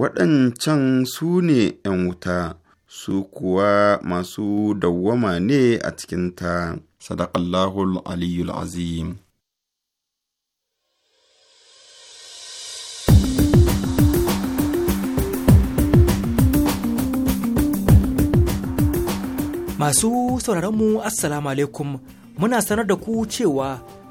waɗancan su ne ‘yan wuta, su kuwa masu dawwama ne a cikinta, sadaƙallahul aliyul azim. Masu sauraronmu, Assalamu alaikum, muna sanar da ku cewa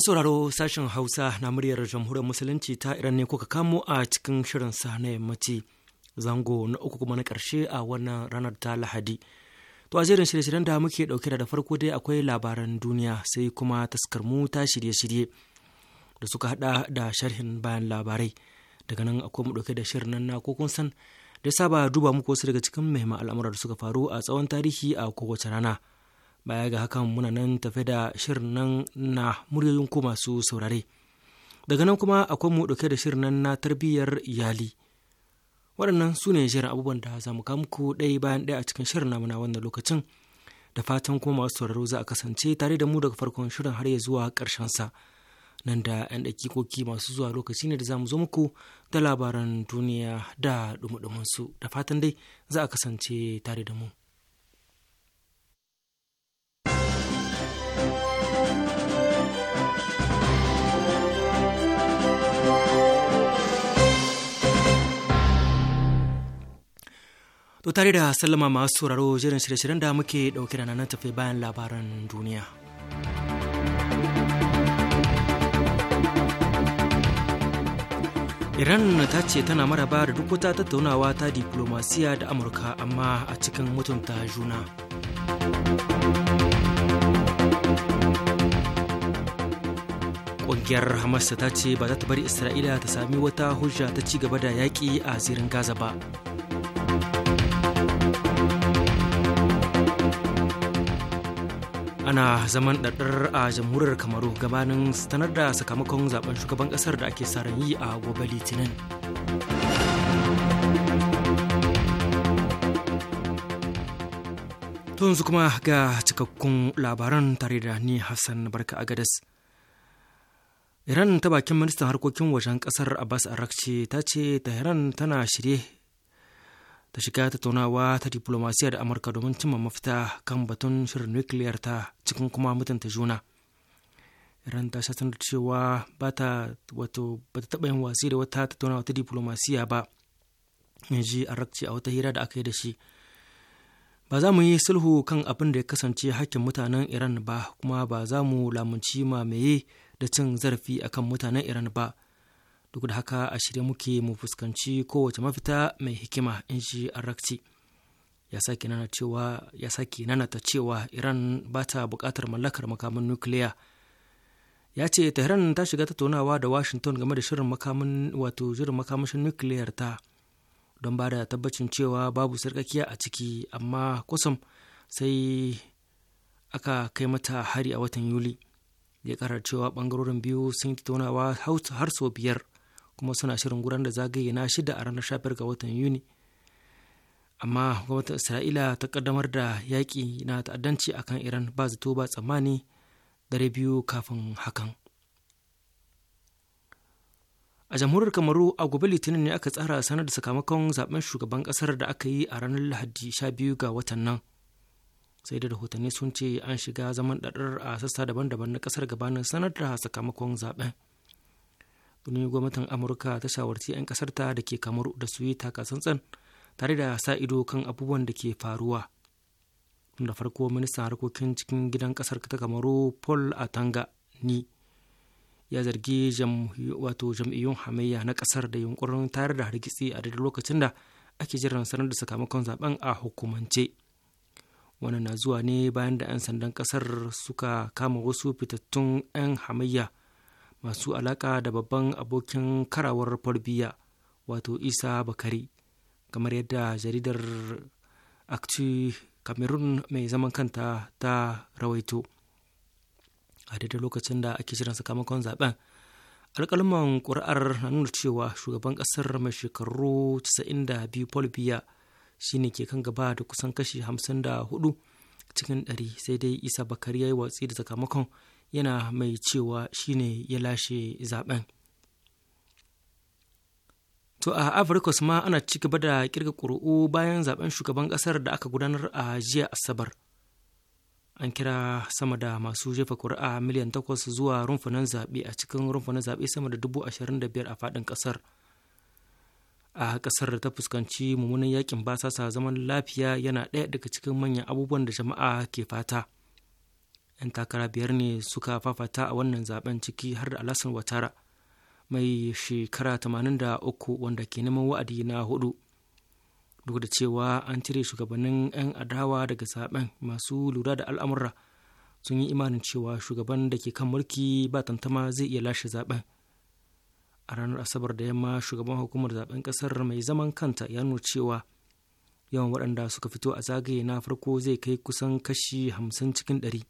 sauraro sashen Hausa na muryar Jamhuriyar Musulunci ta Iran ne kuka kamo a cikin shirin sa na yammaci zango na uku kuma na karshe a wannan ranar ta Lahadi. To a shirye-shiryen da muke dauke da farko dai akwai labaran duniya sai kuma taskarmu ta shirye-shirye da suka hada da sharhin bayan labarai. Daga nan akwai mu dauke da shirin nan na kokon san da saba duba muku wasu daga cikin muhimman al'amuran da suka faru a tsawon tarihi a kowace rana. baya ga hakan muna nan tafe da shirin nan na muryoyin ku masu saurare daga nan kuma akwai mu dauke da shirin nan na tarbiyyar iyali waɗannan su ne shirin abubuwan da za mu muku ɗaya bayan ɗaya a cikin shirin namu na wannan lokacin da fatan kuma masu sauraro za a kasance tare da mu daga farkon shirin har ya zuwa ƙarshen sa nan da 'yan dakikoki masu zuwa lokaci ne da za mu zo muku da labaran duniya da dumu su da fatan dai za a kasance tare da mu. To tare da sallama masu sauraro jiran shirye-shiryen da muke ɗauke da nan tafi bayan labaran duniya. Iran ta ce tana maraba da duk wata tattaunawa ta diplomasiya da Amurka amma a cikin mutunta juna. Ƙungiyar Hamas ta ce ba za ta bari Isra'ila ta sami wata hujja ta ci gaba da yaƙi a zirin Gaza ba. ana zaman ɗaɗɗar a jamhuriyar kamaru gabanin sanar da sakamakon zaben shugaban ƙasar da ake ran yi a gobe litinin yanzu kuma ga cikakkun labaran tare da ni hassan barka agadas iran ta bakin ministan harkokin wajen ƙasar abbas arakci ta ce tehran tana shirye ta shiga tattaunawa ta diplomasiya da amurka domin cimma mafita kan batun shirin nukiliyar ta cikin kuma mutunta juna iran ta shatan da cewa ba ta wato ba ta taɓa yin wasi da wata tattaunawa ta diplomasiya ba in ji arakci a wata hira da aka yi da shi ba za mu yi sulhu kan abin da ya kasance hakkin mutanen iran ba kuma ba za mu lamunci mamaye da cin zarafi akan mutanen iran ba duk da haka a shirye muke mu fuskanci kowace mafita mai hikima in shi arakci ya sake nana nanata cewa iran ba ta bukatar mallakar makamin nukiliya ya ce tehran ta shiga tattaunawa da washington game da shirin makamin wato shirin makamashin nukiliyar ta don ba da tabbacin cewa babu sarkakiya a ciki amma kusan sai aka kai mata hari a watan yuli ya karar cewa bangarorin biyu sun tattaunawa har sau biyar kuma suna shirin gudanar da zagaye na shida a ranar shafiyar ga watan yuni amma gwamnatin isra'ila ta kaddamar da yaƙi na ta'addanci a kan iran ba zato ba tsammani dare biyu kafin hakan a jamhuriyar kamaru a gobe litinin ne aka tsara sanar da sakamakon zaben shugaban kasar da aka yi a ranar lahadi 12 ga watan nan sai da rahotanni sun ce an shiga zaman ɗaɗar a sassa daban-daban na kasar gabanin sanar da sakamakon zaben ne gwamnatin amurka ta shawarci 'yan kasarta da ke kamar da su yi takatsantsan tare da sa ido kan abubuwan da ke faruwa da farko ministan harkokin cikin gidan kasar ta kamaru paul atanga ni ya zargi wato jam'iyyun hamayya na kasar da yunkurin tare da hargitsi a daidai lokacin da ake jiran sanar da sakamakon zaben a hukumance wannan na zuwa ne bayan da 'yan sandan kasar suka kama wasu fitattun 'yan hamayya masu alaka da babban abokin karawar farbiya wato isa bakari kamar yadda jaridar akci cameroon mai zaman kanta ta rawaito a daidai lokacin da ake jiran sakamakon zaben alkalman ƙuri'ar na nuna cewa shugaban ƙasar mai shekaru 92 paul biya shine ke kan gaba da kusan kashi 54 cikin 100 sai dai isa bakari ya yi watsi da sakamakon yana mai cewa shine ya lashe zaben To a afrikos ma ana ci gaba da kirga ƙuri'u bayan zaben shugaban ƙasar da aka gudanar a jiya Asabar. An kira sama da masu jefa ƙuri'a miliyan takwas zuwa rumfunan zaɓe a cikin rumfunan zaɓe sama da dubu ashirin da biyar a faɗin ƙasar. A ƙasar da ta fuskanci mummunan yakin basasa zaman lafiya yana ɗaya daga cikin manyan abubuwan da jama'a ke fata. 'yan takara biyar ne suka fafata a wannan zaben ciki har da alasan watara mai shekara 83 wanda ke neman wa'adi na hudu duk da cewa an cire shugabannin 'yan adawa daga zaben masu lura da al'amura sun yi imanin cewa shugaban da ke kan mulki ba tantama zai iya lashe zaben a ranar asabar da yamma shugaban hukumar zaben kasar mai zaman kanta ya nuna cewa yawan waɗanda suka fito a zagaye na farko zai kai kusan kashi hamsin cikin ɗari.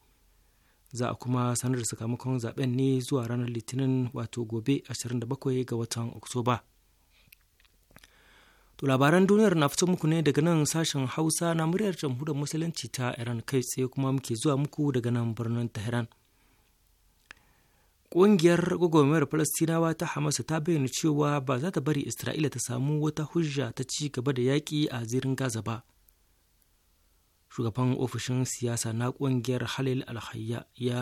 za a kuma sanar da sakamakon zaben ne zuwa ranar litinin wato gobe 27 ga watan oktoba to labaran duniyar na fito muku ne daga nan sashen hausa na muryar jamhuriyar musulunci ta iran kai tsaye kuma muke zuwa muku daga nan birnin tehran Ƙungiyar gwagwarmayar Falastinawa ta Hamas ta bayyana cewa ba za ta bari Isra'ila ta samu wata hujja ta ci gaba da yaƙi a zirin Gaza ba. shugaban ofishin siyasa na kungiyar halil alhayya ya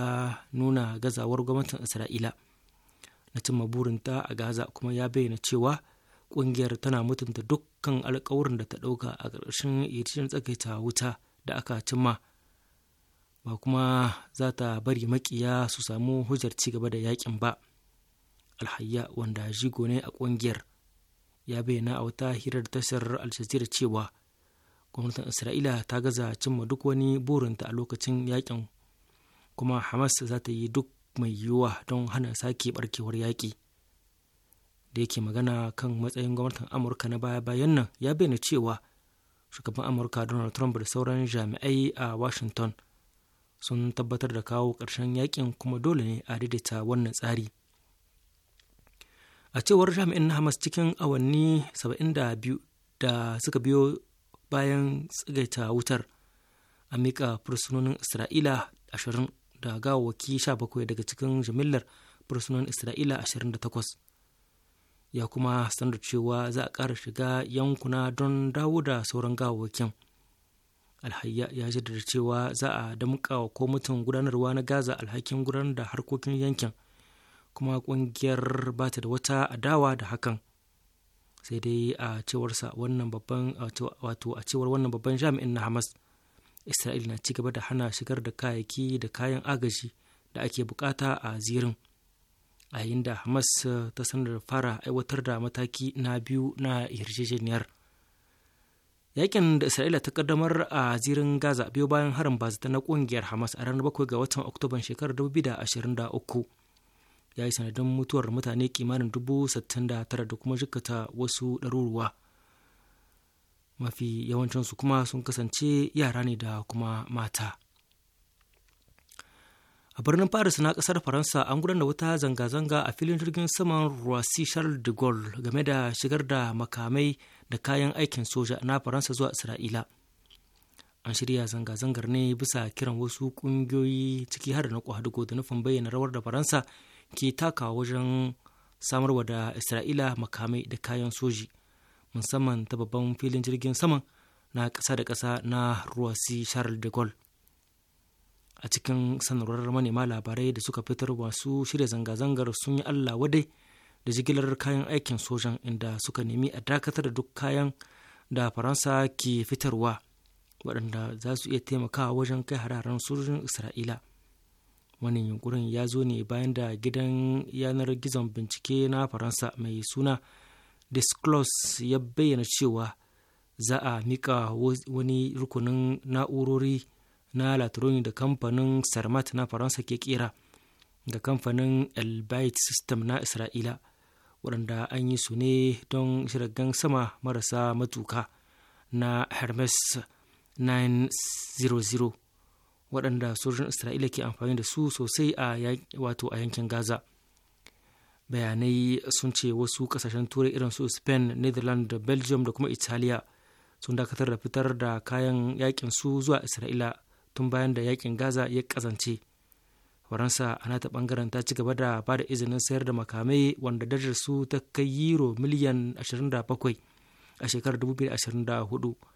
nuna gazawar gwamnatin isra'ila na cimma burinta a gaza kuma ya bayyana cewa kungiyar tana mutunta dukkan alkawarin da ta dauka a ƙarshen yarjejen tsakaita wuta da aka cimma ba kuma za ta bari makiya su samu hujjar ci gaba da yakin ba alhayya wanda jigo ne a kungiyar ya bayyana a wata hirar tashar aljazeera cewa gwamnatin isra'ila ta gaza cimma duk wani burinta a lokacin yakin kuma hamas za ta yi duk mai yiwuwa don hana sake barkewar yaƙi da yake magana kan matsayin gwamnatin amurka na baya-bayan nan ya bayyana cewa shugaban amurka donald trump da sauran jami'ai a washington sun tabbatar da kawo ƙarshen yakin kuma dole ne a daidaita wannan tsari a cewar jami'in na hamas cikin awanni 72 da suka biyo bayan tsagaita wutar a miƙa fursunonin isra'ila 20 da gawawaki 17 daga cikin jimillar fursunonin isra'ila 28 ya kuma sanar cewa za a ƙara shiga yankuna don dawo da sauran gawawakin alhayya ya jaddada cewa za a damƙa wa kwamitin gudanarwa na gaza alhakin gudanar da harkokin yankin kuma ƙungiyar ba ta da wata adawa da hakan sai dai a cewarsa wannan babban wato a cewar wannan babban jami'in na hamas isra'il na ci gaba da hana shigar da kayayyaki da kayan agaji da ake bukata a zirin a yayin da hamas ta sanar fara aiwatar da mataki na biyu na yarjejeniyar yakin da isra'ila ta kaddamar a zirin gaza biyo bayan harin bazata na kungiyar hamas a ranar 7 ga watan oktoban shekarar 2023 ya yi sanadin mutuwar mutane kimanin dubu sittin da tara da kuma jikata wasu ɗaruruwa mafi yawancinsu kuma sun kasance yara ne da kuma mata a birnin paris na kasar faransa an gudanar wata zanga-zanga a filin jirgin saman roissy charles de gaulle game da shigar da makamai da kayan aikin soja na faransa zuwa isra'ila an shirya zanga-zangar ne bisa kiran wasu kungiyoyi ciki har da na kwadugo da nufin bayyana rawar da faransa ke taka wajen samarwa da isra'ila makamai da kayan soji musamman ta babban filin jirgin saman na ƙasa da ƙasa na ruwasi charles de gaulle a cikin sanarwar manema labarai da suka fitar masu shirya zanga-zangar sun yi allah wadai da jigilar kayan aikin sojan inda suka nemi a dakatar da duk kayan da faransa ke fitarwa waɗanda za su iya taimakawa wajen kai hararen sojojin isra'ila wannan yunkurin ya zo ne bayan da gidan yanar gizon bincike na faransa mai suna disclose ya bayyana cewa za a mika wani rukunin na'urori na latroni da kamfanin sarmat na faransa ke kera da kamfanin elbit system na isra'ila waɗanda an yi su ne don shirgan sama marasa matuka na hermes 900 waɗanda sojojin isra'ila ke amfani da su sosai a wato a yankin gaza bayanai sun ce wasu kasashen turai irin su spain netherlands da belgium da kuma italiya sun dakatar da fitar da kayan yakin su zuwa isra'ila tun bayan da yakin gaza ya kazance faransa a nata bangaren ta ci gaba da ba da izinin sayar da makamai wanda darajar su ta kai euro miliyan 27 a shekarar 2024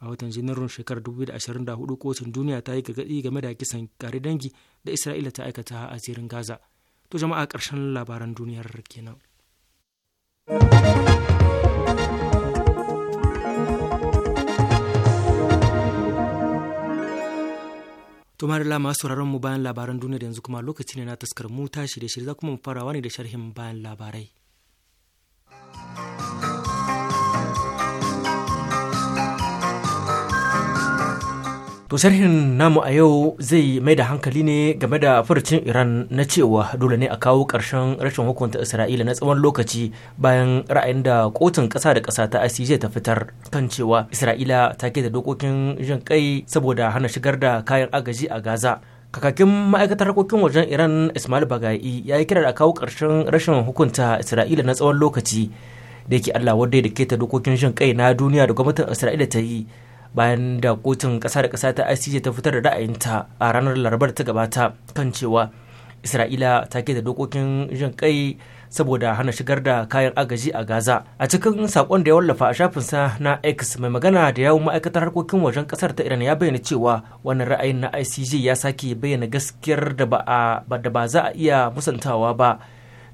a watan janairun shekarar 2024 kotun duniya ta yi gargaɗi game da kisan kare dangi da isra'ila ta aikata a asirin gaza to jama'a ƙarshen labaran duniyar kenan to da lama sauraron mu bayan labaran duniya yanzu kuma lokaci ne na taskar mu ta shirye shirye za kuma mu farawa ne da sharhin bayan labarai To sharhin namu a yau zai mai da hankali ne game da furucin Iran na cewa dole ne a kawo ƙarshen rashin hukunta Isra'ila na tsawon lokaci bayan ra'ayin da kotun ƙasa da kasa ta ICJ ta fitar kan cewa Isra'ila ta keta dokokin jin kai saboda hana shigar da kayan agaji a Gaza. kakakin ma'aikatar harkokin wajen iran ismail bagai ya yi kira da kawo ƙarshen rashin hukunta isra'ila na tsawon lokaci da yake allah wadda da keta dokokin jin kai na duniya da gwamnatin isra'ila ta yi bayan da kotun ƙasa da kasa ta ICJ ta fitar da ra'ayinta a ranar larabar ta gabata kan cewa Isra'ila ta keta dokokin jin kai saboda hana shigar da kayan agaji a Gaza. A cikin sakon da ya wallafa a shafinsa na X mai magana da yawun ma'aikatar harkokin wajen ƙasar ta Iran ya bayyana cewa wannan ra'ayin na ICJ ya sake bayyana gaskiyar da ba za a iya musantawa ba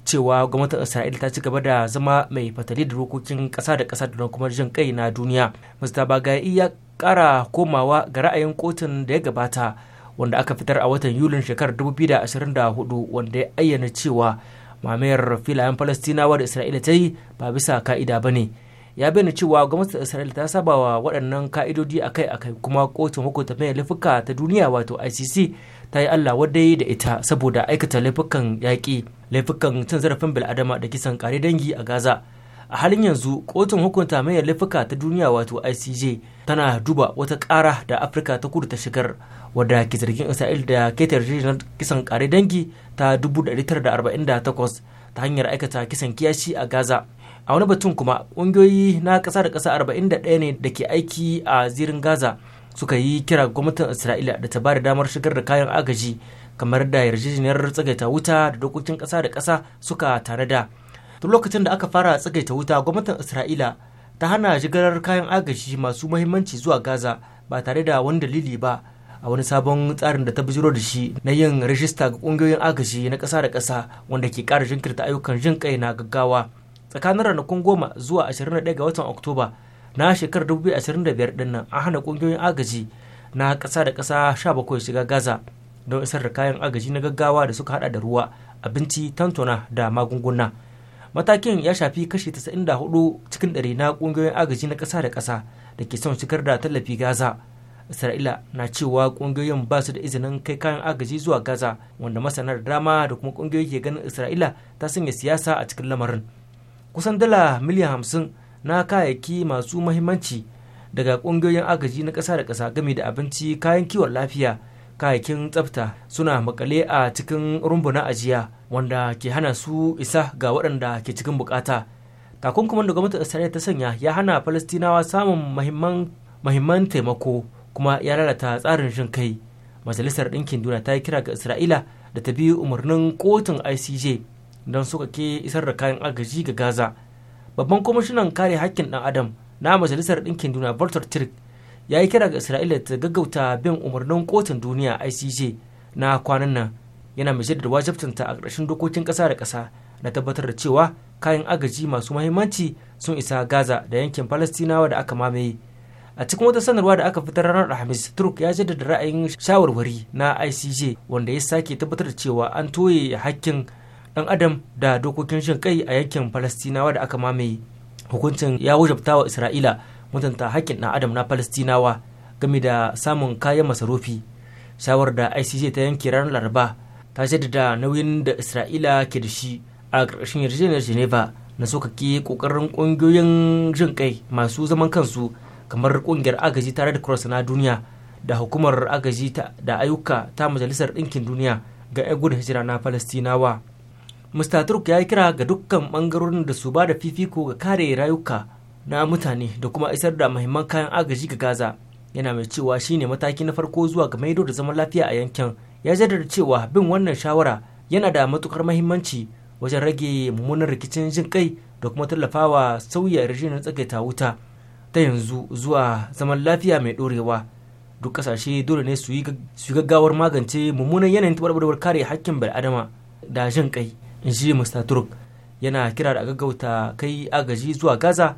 cewa gwamnatin isra'ila ta ci gaba da zama mai fatali da rokokin kasa da kasa da kuma jin kai na duniya mr bagai ya kara komawa ga ra'ayin kotun da ya gabata wanda aka fitar a watan yulin shekarar 2024 wanda ya ayyana cewa mamayar filayen falastinawa da isra'ila ta yi ba bisa ka'ida ba ne ya bayyana cewa gwamnatin isra'ila ta saba wa waɗannan ka'idodi akai-akai kuma kotun hukunta mai lafuka ta duniya wato icc ta yi Allah wadai da ita saboda aikata laifukan yaƙi laifukan cin zarafin bil'adama da kisan kare dangi a Gaza. A halin yanzu kotun hukunta mai laifuka ta duniya wato ICJ tana duba wata ƙara da Afirka ta kudu ta shigar wadda ke zargin Isra'il da keta yarjejeniyar kisan kare dangi ta 1948 ta hanyar aikata kisan kiyashi a Gaza. A wani batun kuma ƙungiyoyi na ƙasa da ƙasa 41 ne da ke aiki a zirin Gaza suka yi kira gwamnatin isra'ila da ta ba da damar shigar da kayan agaji kamar da yarjejeniyar tsagaita wuta da dokokin kasa da kasa suka tanada tun lokacin da aka fara tsagaita wuta gwamnatin isra'ila ta hana shigar kayan agaji masu muhimmanci zuwa gaza ba tare da wani dalili ba a wani sabon tsarin da ta bijiro da shi na yin rajista ga ƙungiyoyin agaji na kasa da kasa wanda ke kara jinkirta ayyukan jin kai na gaggawa tsakanin ranakun goma zuwa 21 ga watan oktoba na shekarar 2025 din nan a hana kungiyoyin agaji na ƙasa da ƙasa 17 shiga gaza don isar da kayan agaji na gaggawa da suka hada da ruwa abinci tantona da magunguna matakin ya shafi kashi hudu cikin ɗari na kungiyoyin agaji na ƙasa da ƙasa da ke son shigar da tallafi gaza isra'ila na cewa kungiyoyin ba su da izinin kai kayan agaji zuwa gaza wanda masana da dama da kuma kungiyoyi ke ganin isra'ila ta sanya siyasa a cikin lamarin kusan dala miliyan hamsin na kayayyaki masu mahimmanci daga ƙungiyoyin agaji na ƙasa da ƙasa game da abinci kayan kiwon lafiya kayayyakin tsafta suna makale a cikin rumbuna ajiya wanda ke hana su isa ga waɗanda ke cikin bukata takunkuman da gwamnatin isra'ila ta sanya ya hana falastinawa samun mahimman taimako kuma ya lalata tsarin jin kai majalisar ɗinkin duniya ta yi kira ga isra'ila da ta biyu umarnin kotun icj don suka ke isar da kayan agaji ga gaza babban kwamishinan kare hakkin ɗan adam na majalisar ɗinkin duniya volter turk ya yi kira ga isra'ila ta gaggauta bin umarnin kotun duniya icj na kwanan nan yana mai jaddada wajibtanta a ƙarshen dokokin ƙasa da ƙasa na tabbatar da cewa kayan agaji masu mahimmanci sun isa gaza da yankin falastinawa da aka mamaye a cikin wata sanarwa da aka fitar ranar alhamis turk ya jaddada ra'ayin shawarwari na icj wanda ya sake tabbatar da cewa an toye hakkin ɗan adam da dokokin shin kai a yankin falastinawa da aka mamaye hukuncin ya wajabta wa isra'ila mutunta haƙƙin ɗan adam na falastinawa game da samun kayan masarufi shawar da icc ta yanke ranar laraba ta da nauyin da isra'ila ke da shi a ƙarƙashin yarjejeniyar geneva na sokake ƙoƙarin ƙungiyoyin jin kai masu zaman kansu kamar ƙungiyar agaji tare da cross na duniya da hukumar agaji da ayyuka ta majalisar ɗinkin duniya ga 'yan gudun hijira na falastinawa mr turk ya yi kira ga dukkan bangarorin da su ba da fifiko ga kare rayuka na mutane da kuma isar da mahimman kayan agaji ga gaza yana mai cewa shi ne mataki na farko zuwa ga maido da zaman lafiya a yankin ya jaddada cewa bin wannan shawara yana da matukar mahimmanci wajen rage mummunan rikicin jin kai da kuma tallafawa sauya rijiyar tsagaita wuta ta yanzu zuwa zaman lafiya mai dorewa duk kasashe dole ne su yi gaggawar magance mummunan yanayin tabarbarwar kare hakkin bil'adama da jin kai inji ji turk yana kira da gaggauta kai agaji zuwa gaza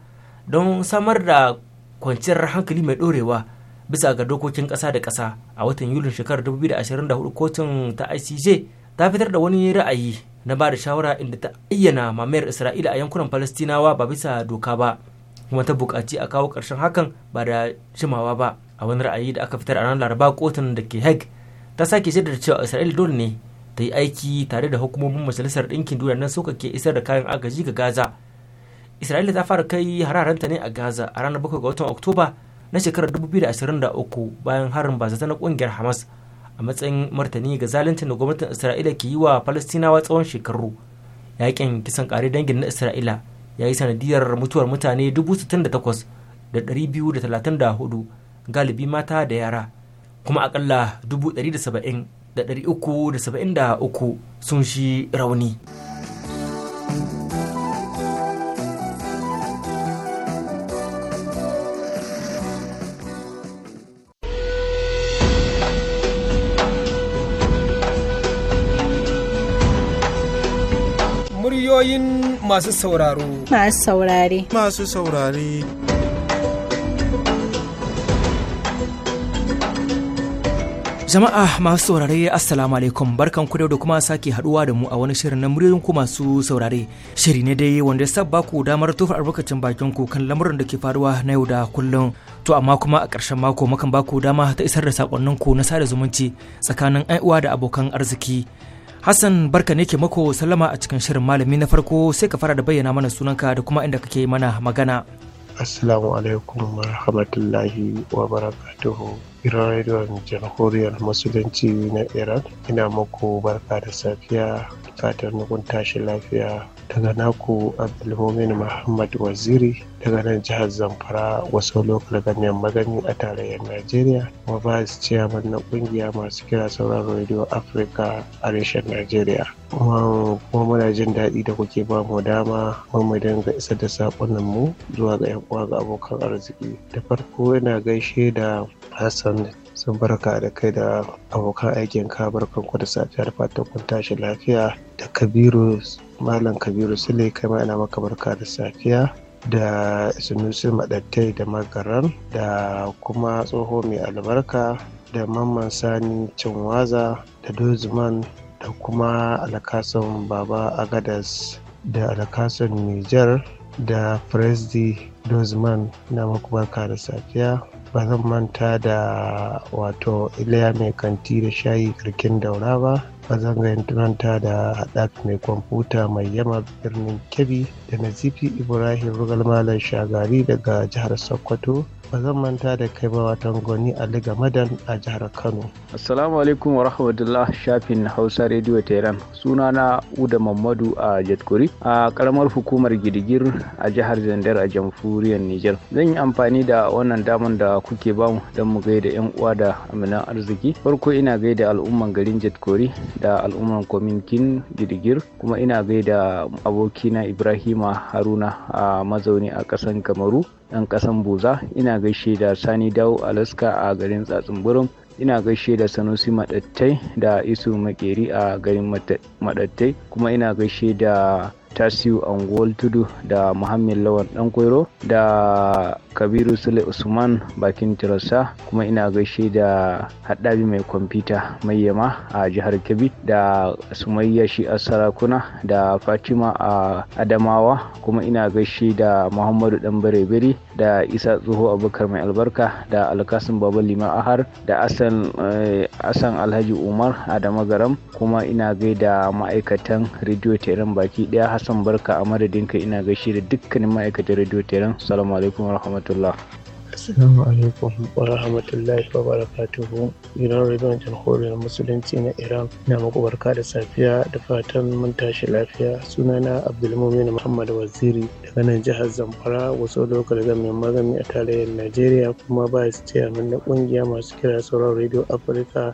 don samar da kwanciyar hankali mai dorewa bisa ga dokokin ƙasa da ƙasa a watan yulin shekarar 2024 kotun ta icj ta fitar da wani ra'ayi na ba da shawara inda ta ayyana mamayar isra'ila a yankunan falastinawa ba bisa doka ba kuma ta buƙaci a kawo karshen hakan ba da jimawa ba a wani ra'ayi da aka fitar a ranar laraba kotun da ke hague ta sake shaidar cewa isra'ila dole ne ta yi aiki tare da hukumomin majalisar ɗinkin duniya nan suka ke isar da kayan agaji ga gaza isra'ila ta fara kai hararanta ne a gaza a ranar 7 ga watan oktoba na shekarar 2023 bayan harin zata na kungiyar hamas a matsayin martani ga zalunci da gwamnatin isra'ila ke yi wa falastinawa tsawon shekaru yakin kisan kare dangin na isra'ila ya yi sanadiyar mutuwar mutane 68,234 galibi mata da yara kuma akalla 170 373 sun shi rauni. Muryoyin masu sauraro. Masu saurare. Masu saurare. Jama'a masu saurare Assalamu alaikum barkan ku da kuma sake haduwa da mu a wani shirin na muryoyin ku masu saurare. Shiri ne dai wanda ya sabba ku damar tofa albarkacin bakin ku kan lamurin da ke faruwa na yau da kullum. To amma kuma a ƙarshen mako mukan ba ku dama ta isar da sakonnin ku na sada zumunci tsakanin ai uwa da abokan arziki. Hassan barka ne ke mako sallama a cikin shirin malami na farko sai ka fara da bayyana mana sunanka da kuma inda kake mana magana. Assalamu alaikum wa rahmatullahi wa barakatuhu. Radio rediyon jamhuriyar musulunci na iran ina muku barka da safiya fatar nukun tashi lafiya daga naku abdulmumin muhammad waziri daga nan jihar zamfara wasu lokal ganyen magani a tarayyar najeriya kuma su chairman na kungiya masu kira sauran radio africa a reshen najeriya kuma muna jin daɗi da kuke ba mu dama mu dinga isa da saƙonan mu zuwa ga yan uwa ga abokan arziki da farko ina gaishe da hassan sun barka da kai da abokan aikin ka barkanku da safiyar fatan kun tashi lafiya da kabiru malam kabiru sule kai ma ina maka barka da safiya da sunusun madattai da magaran da kuma tsoho mai albarka da mamman sani cinwaza da dozman da kuma alakasan baba agadas da alakasan niger da presdi dozman na maku barka da safiya ba zan manta da wato iliya mai kanti da shayi karkin daura ba ba zan manta da haɗaf mai kwamfuta mai yama birnin kebbi da nazifi ibrahim rugal malam shagari daga jihar sokoto ba zan manta da kai ba watan goni Ali Gamadan a jihar Kano. Assalamu alaikum wa rahmatullah shafin Hausa Radio Tehran. Suna na Uda Mamadu a Jatkuri a karamar hukumar Gidigir a jihar Zandar a jamhuriyar Nijar. Zan yi amfani da wannan damar da kuke bamu don mu gaida yan uwa da aminan arziki. Farko ina gaida al'umman garin Jatkuri da al'umman kwaminkin girgir kuma ina gaida abokina ibrahima haruna a mazauni a ƙasan kamaru ɗan ƙasan buza ina gaishe da sani dawo alaska a garin tsatsunburum ina gaishe da sanusi madattai da isu makeri a garin madattai kuma ina gaishe da tasiu angol tudu da muhammed lawan dan koiro da kabiru sule usman bakin tirasa kuma ina gaishe da haɗabi mai kwamfuta mai yama a jihar kebbi da sumayya shi a sarakuna da fatima a adamawa kuma ina gaishe da muhammadu dan bare da isa tsoho abubakar mai albarka da alkasin baba liman ahar da asan eh, alhaji umar adama garam kuma ina gai da ma'aikatan rediyo teran baki daya hassan barka a madadinka ina gaishe da dukkanin ma'aikatan rediyo teran salamu alaikum rahmatullah Assalamu alaikum wa rahmatullahi wa barakatuhu. Gidan rediyon jamhuriyar musulunci na Iran na muku barka da safiya da fatan mun tashi lafiya. Sunana Abdulmumin Muhammad Waziri daga nan jihar Zamfara wasu lokal mai magani a tarayyar Najeriya kuma ba su ce na kungiya masu kira sauran rediyo Afirka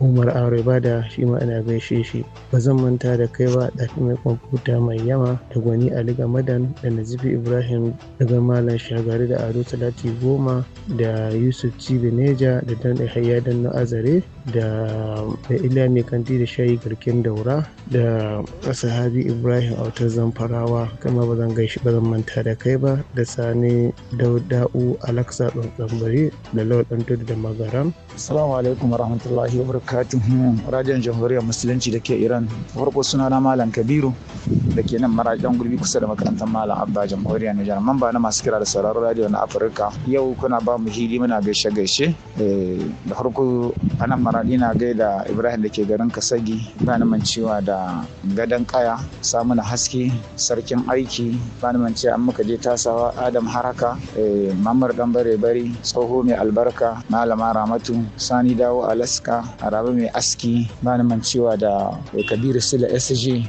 umar aure da shi ma ina gaishe shi ba zan manta da kai ba ɗafi mai kwamfuta mai yama da gwani ali gamadan da nazifi ibrahim daga malam shagari da ado talati goma da yusuf cibi neja da dan hayya dan na azare da da iliya kanti da shayi garkin daura da sahabi ibrahim autar zamfarawa kama ba zan gaishe ba zan manta da kai ba da sani dauda'u alaksa tsambari da lawal da magaram assalamu alaikum warahmatullahi wabarakatuh Katin radiyon jamhuriyar musulunci da ke iran farko suna na malam kabiru da ke nan marajan gurbi kusa da makarantar malam abba jamhuriyar nijar mamba na masu kira da sauraron radiyo na afirka yau kuna ba mu hili muna gaishe gaishe eh, da farko anan maradi na gaida ibrahim da ke garin kasagi bani mancewa da gadon kaya samuna haske sarkin aiki bani mancewa an muka je tasawa adam haraka eh, mamar dan bare bari tsoho mai albarka malama ramatu sani dawo alaska a rabe mai aski ba ni mancewa da kabiru sila sg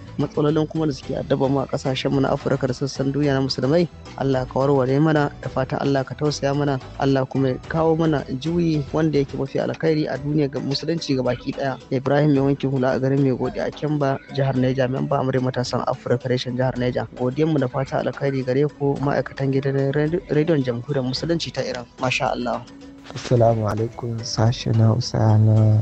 matsalolin kuma da suke addaba mu a kasashen mu na Afirka da sassan duniya na musulmai Allah ka warware mana da fatan Allah ka tausaya mana Allah kuma ya kawo mana juyi wanda yake mafi alkhairi a duniya ga musulunci ga baki daya Ibrahim mai wankin hula a garin mai godi a Kemba jihar Niger ba amurai matasan Afirka reshen jihar Niger godiyan mu da fata alkhairi gare ku ma'aikatan gidan rediyon jamhuriyar musulunci ta Iran masha Allah Assalamu alaikum sashen Hausa na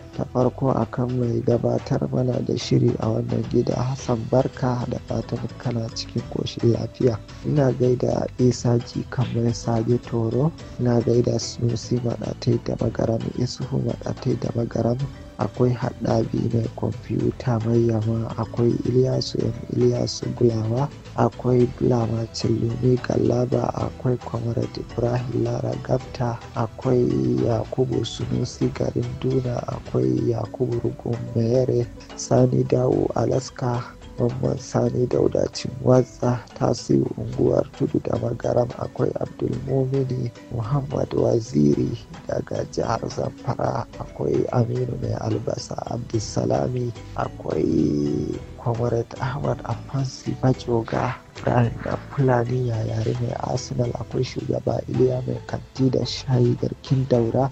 ta farko akan mai gabatar mana da shiri a wannan gida Hassan Barka da fatan kana cikin koshin lafiya. Ina gaida Isa Ji kamar Sage Toro, ina gaida Sunusi Maɗatai da Magaram, Isuhu Maɗatai da Magaram, akwai haɗabi mai kwamfuta mai yama akwai Iliyasu 'yan Iliyasu Gulawa. akwai Lamacin Galaba, akwai Comrade Ibrahim Lara Gafta, akwai Yakubu Sunusi Garin Duna, akwai Yakubu Rugun Mayere, Sani Dawo Alaska, Mamman Sani Daudacin Watsa Tasiu unguwar Tudu da Magaram akwai Abdulmumini Muhammad Waziri daga jihar Zamfara akwai Aminu Mai Albasa Abdulsalami akwai Comrade Ahmad Afansi Bajoga Brian da Fulani yayari mai Arsenal akwai shugaba Iliya mai kanti da shayi garkin daura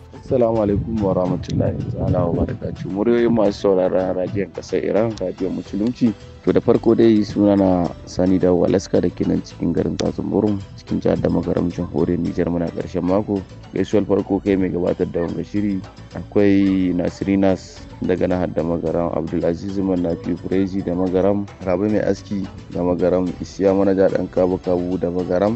Assalamu alaikum wa rahmatullahi ta'ala wa Muryoyin masu sauraron radiyon kasar Iran, radiyon Musulunci. To da farko dai suna na Sani da walaska da ke nan cikin garin Tsatsun cikin jihar da magaram jamhuriyar Nijar muna karshen mako. Gaisuwar farko kai mai gabatar da wanga shiri akwai Nasirinas daga nahar da magaram Abdulaziz Mannafi Furezi da magaram Rabi Mai Aski da magaram Isiya Manaja ɗan Kabu Kabu da magaram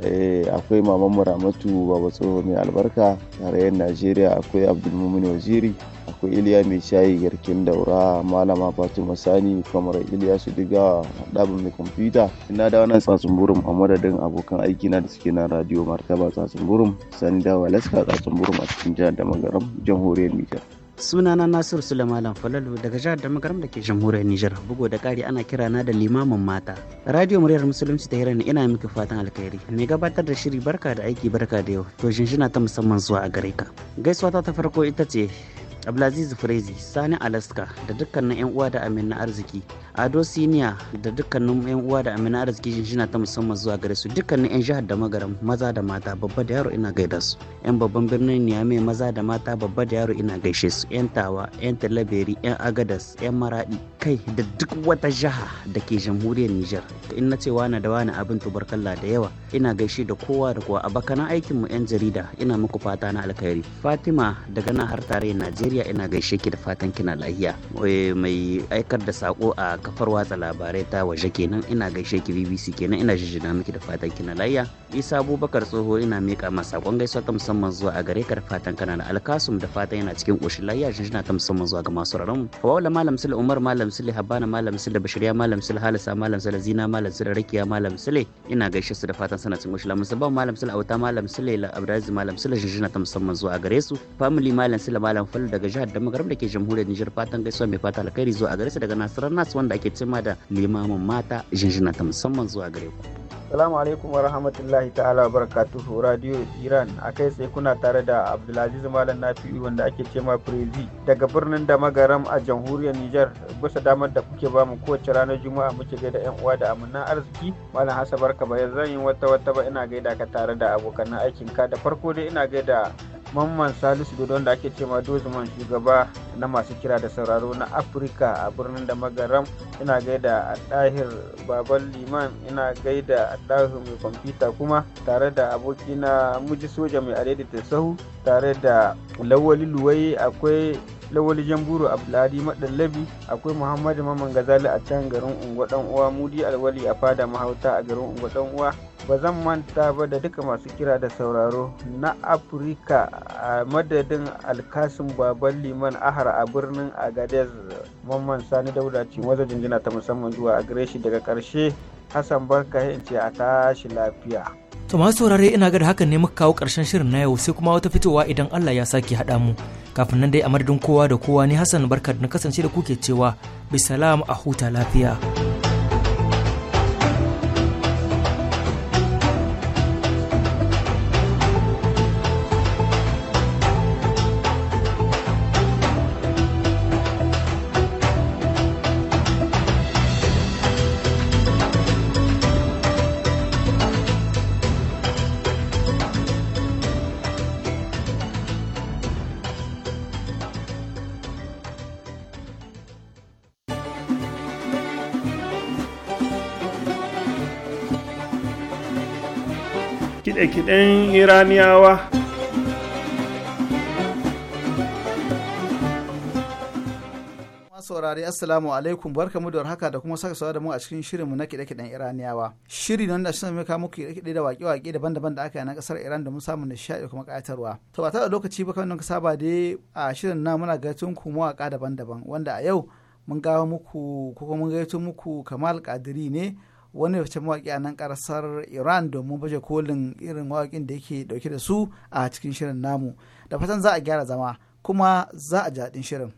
Eh, akwai maman muramatu baba tsoho mai albarka tarayyar najeriya akwai abdulmumin waziri akwai iliya mai shayi garkin daura malama fatu sani kamar iliya su diga ɗabin mai kwamfuta ina da wannan tsatsun burum a madadin abokan aiki na da suke nan radio martaba tsatsun burum sani Walaska laska tsatsun burum a cikin jihar da magaram jamhuriyar nijar sunana nasiru sulaiman falalu daga jihar da magaram da ke jamhuriyar nijar bugu da kari ana kira na da limamin mata radio muryar musulunci ta hirar ina miki fatan alkhairi mai gabatar da shiri barka da aiki barka da yau to shinshina ta musamman zuwa a gare ka gaisuwa ta farko ita ce abdulaziz Frezi, sani alaska da dukkanin 'yan uwa da amin na arziki ado siniya da dukkanin 'yan uwa da amin na arziki jinjina ta musamman zuwa gare su dukkanin 'yan jihar da magaram maza da mata babba da yaro ina gaida su 'yan babban birnin niyame maza da mata babba da yaro ina gaishe su 'yan tawa 'yan talaberi 'yan agadas 'yan maradi kai da duk wata jiha da ke jamhuriyar nijar in na ce wani da wani abin tubarkalla da yawa ina gaishe da kowa da kowa a bakana aikinmu 'yan jarida ina muku fata na alkhairi fatima daga nan har tare najeriya lafiya ina gaishe ki da fatan kina lahiya mai aikar da sako a kafar watsa labarai ta waje kenan ina gaishe ki BBC kenan ina jijjina miki da fatan kina lahiya Isa Abubakar tsoho ina mika ma sakon gaisuwa ta musamman zuwa a gare ka da fatan kana da alkasum da fatan yana cikin koshin lahiya jijjina ta musamman zuwa ga masu raron Fawala Malam Sule Umar Malam Sule Habana Malam Sule Bashiriya Malam Sule Halisa Malam Sule Zina Malam Sule Rakiya Malam Sule ina gaishe su da fatan sana cikin koshin lahiya Malam Sule Auta Malam Sule Abdulaziz Malam Sule jijjina ta musamman zuwa gare su family Malam Sule Malam Fal da daga jihar da magarab da ke jamhuriyar Nijar fatan gaisuwa mai fata alkhairi zuwa gare su daga Nasarar nasu wanda ake cima da limamin mata jinjina ta musamman zuwa gare ku. Salamu alaikum wa rahmatullahi ta'ala wa barakatuhu Radio Iran a kai sai kuna tare da Abdulaziz Malam Nafi'u wanda ake ce ma Prezi daga birnin da magaram a jamhuriyar Nijar bisa damar da kuke bamu kowace ranar Juma'a muke gaida yan uwa da amina arziki Malam Hassan barka bayan zan yi wata wata ba ina gaida ka tare da abokan aikin ka da farko dai ina gaida mamman salisu dodon da ake cewa dozman shugaba na masu kira da sauraro na afirka a birnin da magaram ina gaida a ɗahir baban liman ina gaida a ɗahir mai kwamfuta kuma tare da abokina muji soja mai ta sahu tare da lawali luwai akwai lawali jamburu abdulhadi madallabi akwai muhammadu mamman gazali a can garin unguwa dan uwa mudi alwali a fada mahauta a garin unguwa dan uwa ba zan manta ba da duka masu kira da sauraro na afirka a madadin alkasin baban liman ahar a birnin agadez mamman sani dauda ce wajen jinjina ta musamman zuwa a shi daga karshe hassan barka ce a tashi lafiya to masu saurare ina ga da hakan ne muka kawo karshen shirin na yau sai kuma wata fitowa idan allah ya sake haɗa mu kafin nan dai a madadin kowa da kowa ne hassan barka na kasance da kuke cewa bisalam a huta lafiya. kiɗe-kiɗen iraniyawa saurari assalamu alaikum barkamu da haka da kuma saka sawa da mu a cikin shirinmu na kiɗe-kiɗen iraniyawa shiri nan da shirin muka muku kiɗe-kiɗe da waƙe-waƙe daban-daban da aka yi na kasar iran da mun samu nishaɗi shaɗi kuma ƙayatarwa to ba da lokaci ba kawai ka saba dai a shirin na muna gaitun ku mawaƙa daban-daban wanda a yau mun gawo muku ko kuma mun gaito muku kamal kadiri ne wani fice mawaƙi a nan ƙasar iran domin baje kolin irin mawaƙin da yake dauke da su a cikin shirin namu da fatan za a gyara zama kuma za a jaɗin shirin.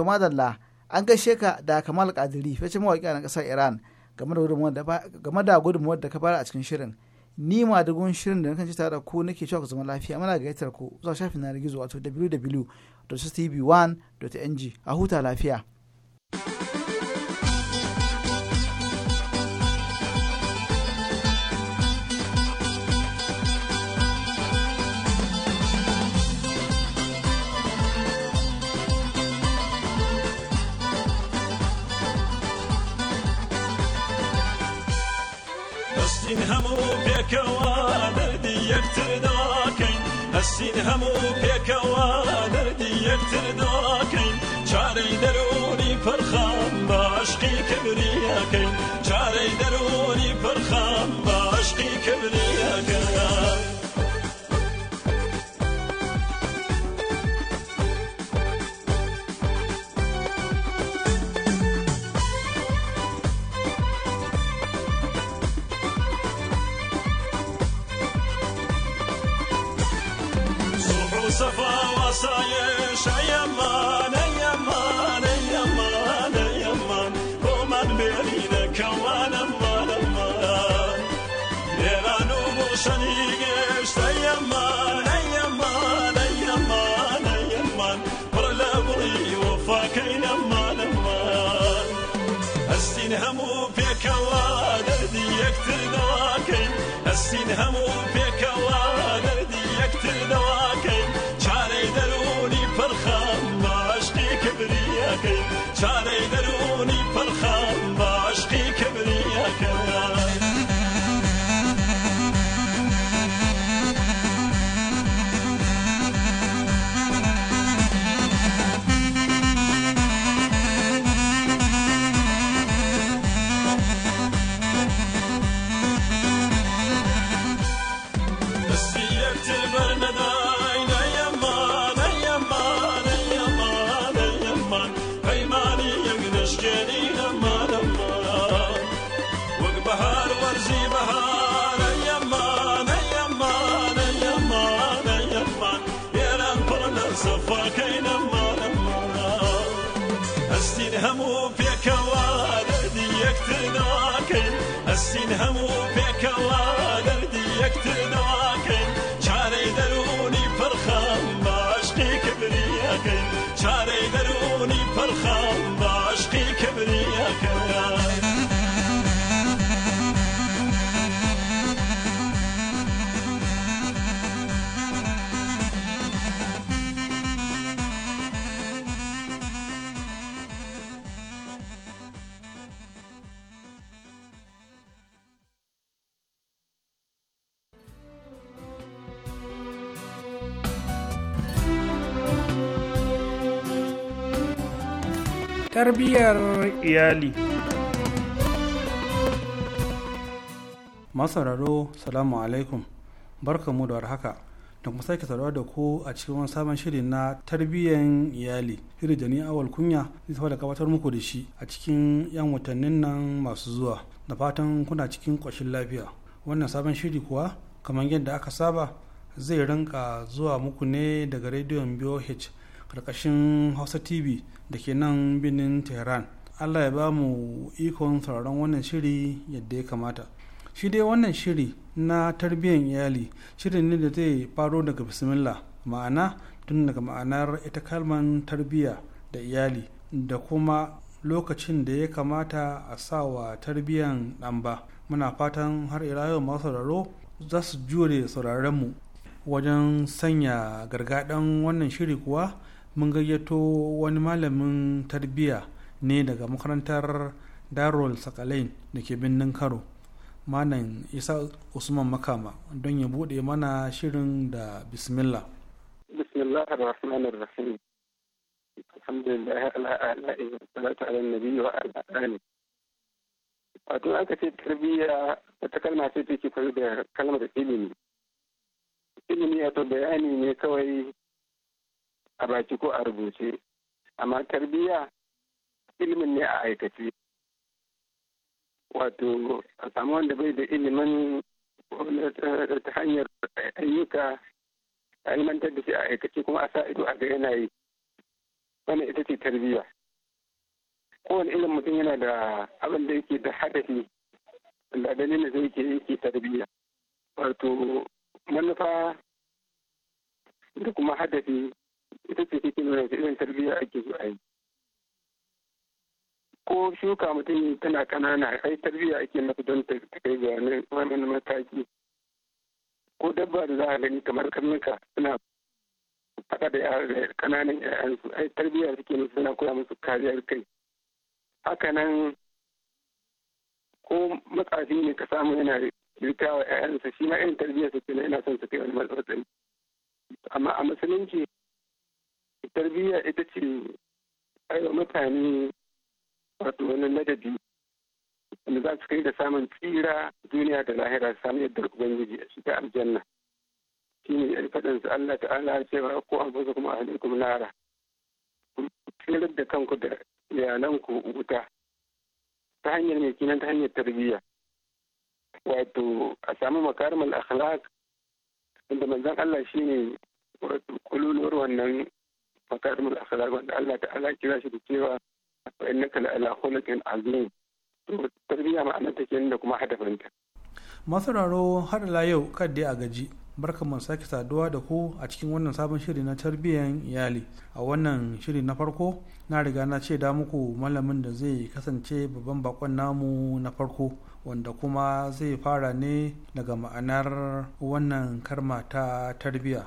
to madalla an gaishe ka da kamal kadiri fice mawaƙi na kasar iran game da gudunmuwar da ka fara a cikin shirin ni ma dugun shirin da na ci tare da ku nake cewa ku zama lafiya muna gayyatar ku zuwa shafin na gizo wato www.tv1.ng a huta lafiya. پێکەوە دەردی یەکتر داکەین هەستین هەموو پێکەوە دەردی یەکتر داکەین چارەی دەرونی پرخام باشقی کەبریەکەین چارەی دەرونی پرخام باشقی کەبریەکەن man. tarbiyyar iyali masararo salamu alaikum barkamu da warhaka da kuma sake saurawa da ku a cikin wani sabon shirin na tarbiyyar iyali shirin da ni awal kunya zai da gabatar muku da shi a cikin yan watannin nan masu zuwa da fatan kuna cikin ƙoshin lafiya wannan sabon shiri kuwa kamar yadda aka saba zai rinka zuwa muku ne daga rediyon boh karkashin hausa tv da ke nan birnin tehran allah ya ba mu ikon sauraron wannan shiri yadda ya kamata shi dai wannan shiri na tarbiyyar iyali shirin ne da zai faro daga bismillah ma'ana tun daga ma'anar ita kalman tarbiyya da iyali da kuma lokacin da ya kamata a sa wa tarbiyyan ɗan ba muna fatan har ila yau masu sauraro za su jure sauraronmu wajen sanya gargaɗin wannan shiri kuwa mun gayyato wani malamin tarbiyya ne daga makarantar darul sakalain da ke birnin karo manan isa usman makama don ya bude mana shirin da bismillah bismillah ar rahim alhamdulillah ala salatu ala nabi wa ala alihi wato aka ce tarbiyya wata kalma ce take koyi da kalmar ilimi ilimi wato bayani ne kawai a baki ko a rubuce amma tarbiyya ilimin ne a aikace wato a samu wanda bai da ilimin ta hanyar ayyuka a ilimantar da shi a aikace kuma a sa ido a ga yana yi wannan ita ce tarbiyya kowane ilimin mutum yana da abin da yake da hadafi da dalilin da ke yake tarbiyya wato manufa da kuma hadafi ita ce take nuna irin tarbiyya ake so a yi ko shuka mutum tana kanana ai tarbiyya ake masa don ta kai ga wannan mataki ko dabba da za a gani kamar karnuka suna faɗa da kananan yayansu ai tarbiyya suke musu suna koya musu kariyar kai haka nan ko matsafi ne ka samu yana rikawa yayansa shi ma irin tarbiyya suke na yana son su kai wani matsatsari amma a musulunci tarbiyya ita ce aiwa mutane wato wani madadi Wanda za su kai da samun tsira duniya da lahira su samu yadda ubangiji a shiga aljanna shi ne yan faɗin su Allah ta'ala ba ko an fasa kuma kuma nara tsirar da kanku da iyalanku wuta ta hanyar mai kinan ta hanyar tarbiyya wato a samu makarmal akhlaq inda manzon Allah shi ne wato kululuwar wannan makarimul akhlaq wanda Allah ta'ala kira shi da cewa fa innaka la ala khuluqin azim to tarbiya ma'anar take da kuma hadafinta masararo har la yau kad dai a gaji barka mu sake saduwa da ku a cikin wannan sabon shiri na tarbiyan iyali a wannan shiri na farko na riga na ce da muku malamin da zai kasance babban bakon namu na farko wanda kuma zai fara ne daga ma'anar wannan karma ta tarbiyya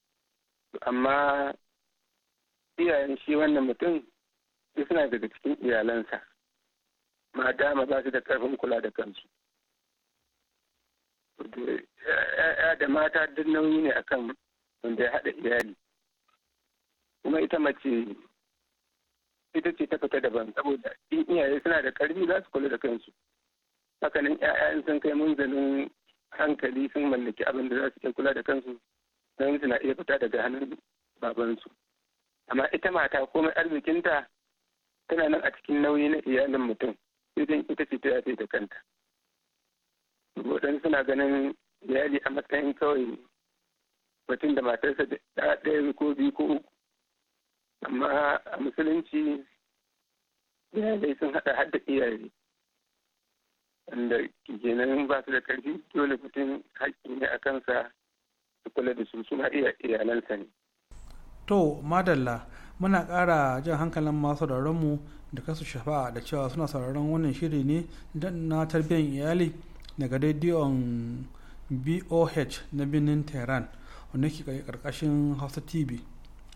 amma iyayen shi wannan mutum suna daga cikin iyalansa mata maza su da karfin kula da kansu ya da mata duk nauyi ne akan wanda ya haɗa iyali kuma ita mace ita ce ta fita daban saboda in iyaye suna da ƙarfi za su kula da kansu hakanan 'ya'yan sun kai munzalin hankali sun mallaki abin da za su kula da kansu namiji na iya fita daga hannun babansu amma ita mata komai arzikinta tana nan a cikin nauyi na iyalin mutum idan ita ce ta da kanta waɗansu suna ganin iyali a matsayin kawai mutum da matarsa da ɗaya ko biyu ko uku amma a musulunci iyalai sun haɗa hadda iyali wanda kenan ba su da ƙarfi dole mutum haƙƙi ne a kansa kula da su suna iya iyalansa ne. To, madalla muna kara jan hankalin masu mu da kasu shafa'a da cewa suna sauraron wannan shiri ne na tarbiyyar iyali daga rediyon BOH na birnin Tehran wanda ke ƙarƙashin Hausa TV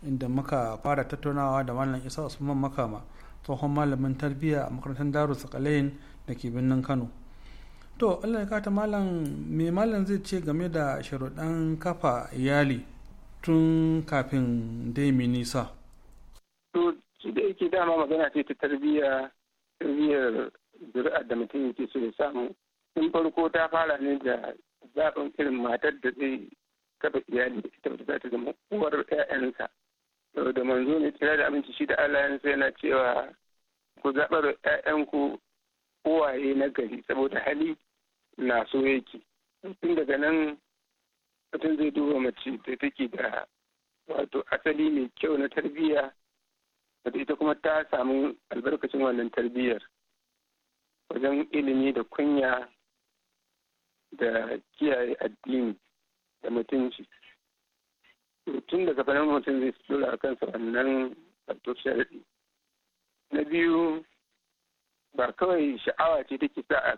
inda muka fara tattaunawa da Malam Isa Usman Makama tsohon malamin tarbiyya a makarantar Darus Kalayin da ke birnin Kano. to allah ya kata malam me malam zai ce game da sharuɗan kafa iyali tun kafin dai mi nisa to shi da yake dama magana ce ta tarbiyya tarbiyyar zuri'a da mutum yake so ya samu tun farko ta fara ne da zaɓin irin matar da zai kafa iyali ita wata za ta zama uwar 'ya'yansa da manzo ne tsira da aminci shi da Allah yansa yana cewa ku zaɓar 'ya'yanku uwaye na gari saboda hali na so yake tun daga nan mutum zai duba mace da take da wato asali mai kyau na tarbiyya wata ita kuma ta samu albarkacin wannan tarbiyyar wajen ilimi da kunya da kiyaye addini da mutunci tun daga fanar mutum zai tura a kansa wannan wato sharaɗi na biyu ba kawai sha'awa ce take sa a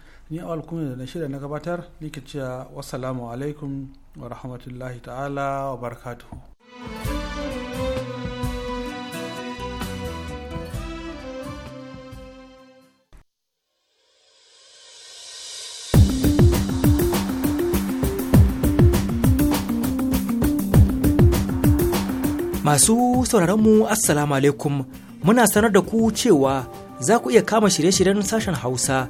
ni awal da na shirya na gabatar nike cewa wasalamu alaikum wa rahmatullahi ta'ala wa barakatuhu Masu sauraronmu Assalamu alaikum muna sanar da ku cewa za ku iya kama shirye-shiryen sashen Hausa